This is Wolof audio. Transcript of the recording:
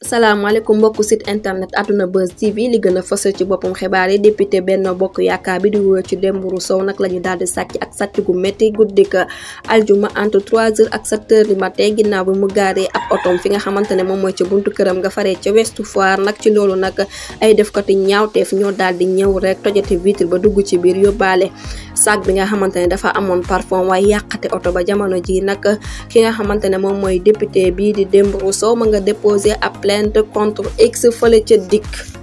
salaamaaleykum mbokku site internet Adouna Buzz TV li gën a fësal ci boppam xibaare yi benn Benno Bokk Yaakaar bi di wuyoo ci Dembourou Sow nag la ñu daal di sàcc ak sàcc gu métti guddik aljuma entre trois h ak 7h du matin ginnaaw bi mu gaaree ab otom fi nga xamante ne moom mooy ca buntu këram nga faree ca westu Foire nag ci loolu nag ay defkati ñaawteef ñoo daal di ñëw rek tojati vitre ba dugg ci biir yóbbaale saak bi nga xamante ne dafa amoon parfum waaye yàqate oto ba jamono ji nag ki nga xamante ne moom mooy député bii di Dembourou Sow ma nga déposé ab plainte contre ex fële ca dikk